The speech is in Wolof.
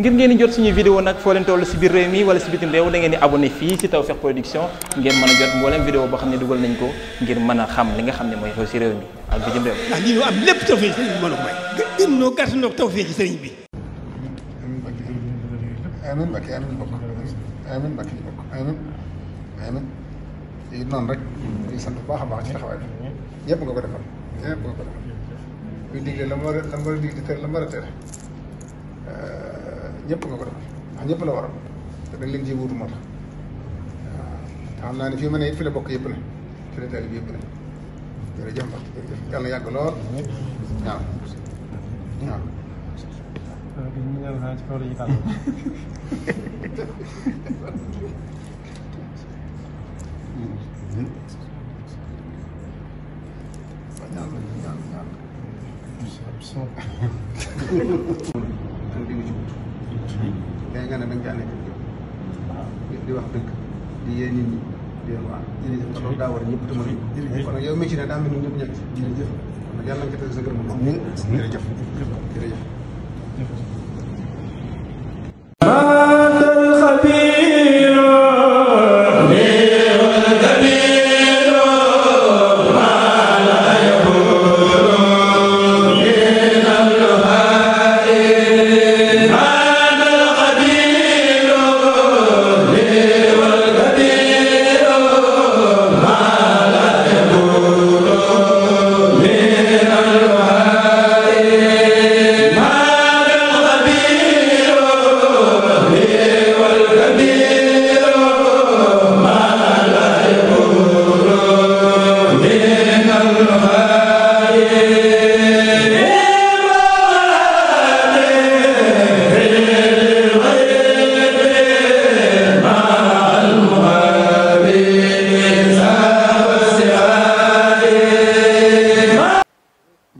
ngir ngeen jot suñu vidéo nag foo leen si biir réew mi wala si bitim réew da di abonné fii si Tawfekh Production ngeen mën a jot mboolem vidéo boo xam ne dugal nañ ko ngir mën a xam li nga xam ne mooy xew si réew mi ak bitim réew. ndax lii ñu am lépp a may. gën noo gàtt noonu rek di sant bu baax a baax ci taxawaay bi yëpp nga ko a la mu war a digle te ñëpp nga ko defal ndax ñëpp la waral te dañ leen ciy wuutu moo tax waaw te xam naa ne fii ma bokk yëpp ne fi la taalib yëpp ne jërëjëf Mbacke jërëjëf lool waaw waaw. ñaan ñaan ñaan bi tey nga ne da nekk di wax dëkk di yee nit ñi di leen wax. jërëjëf loolu daa war a ñëpp te mën nañu. kon nag yow mi ci ne daa mel ni ñëpp ñett. jërëjëf kon nag yàlla na nga ko teg sa gërëm moom. jërëjëf jërëjëf.